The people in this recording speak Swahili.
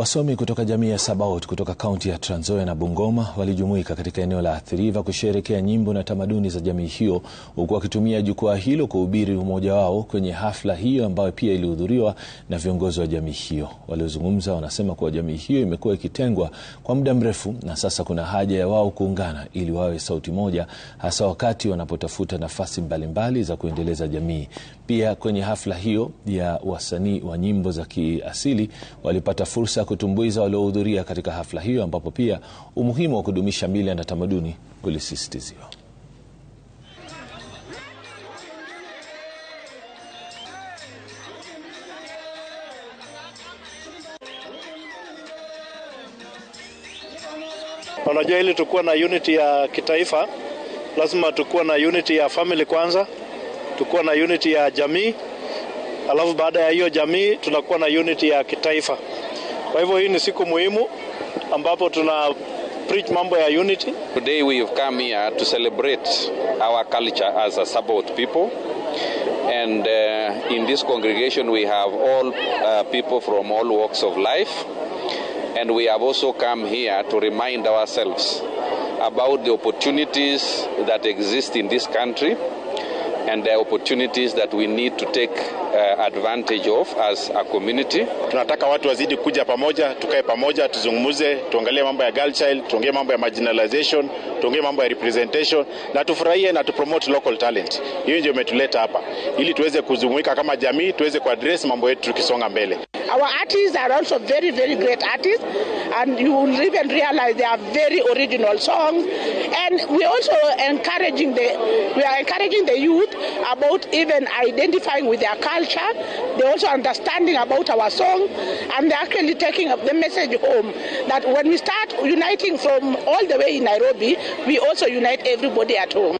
Wasomi kutoka jamii ya Sabaot kutoka kaunti ya Trans Nzoia na Bungoma walijumuika katika eneo la Athiriva kusherehekea nyimbo na tamaduni za jamii hiyo huku wakitumia jukwaa hilo kuhubiri umoja wao kwenye hafla hiyo ambayo pia ilihudhuriwa na viongozi wa jamii hiyo. Waliozungumza wanasema kuwa jamii hiyo imekuwa ikitengwa kwa muda mrefu na sasa kuna haja ya wao kuungana ili wawe sauti moja hasa wakati wanapotafuta nafasi mbalimbali za kuendeleza jamii. Pia kwenye hafla hiyo ya wasanii wa nyimbo za kiasili walipata fursa kutumbuiza waliohudhuria katika hafla hiyo ambapo pia umuhimu wa kudumisha mila na tamaduni kulisisitiziwa. Unajua, ili tukuwa na unity ya kitaifa lazima tukuwa na unity ya family kwanza, tukuwa na unity ya jamii, alafu baada ya hiyo jamii tunakuwa na unity ya kitaifa. Kwa hivyo hii ni siku muhimu ambapo tuna preach mambo ya unity. Today we have come here to celebrate our culture as a Sabaoth people. And uh, in this congregation we have all uh, people from all walks of life. And we have also come here to remind ourselves about the opportunities that exist in this country and the opportunities that we need to take uh, advantage of as a community. Tunataka watu wazidi kuja pamoja, tukae pamoja, tuzungumuze tuangalie mambo ya girl child, tuongee mambo ya marginalization, tuongee mambo ya representation na tufurahie na tupromote local talent. Hiyo ndio imetuleta hapa ili tuweze kuzumuika kama jamii, tuweze kuaddress mambo yetu tukisonga mbele. Our artists are also very, very great artists, and you will even realize they are very original songs. And we also encouraging the we are encouraging the youth about even identifying with their culture. They also understanding about our song, and they're actually taking up the message home that when we start uniting from all the way in Nairobi, we also unite everybody at home.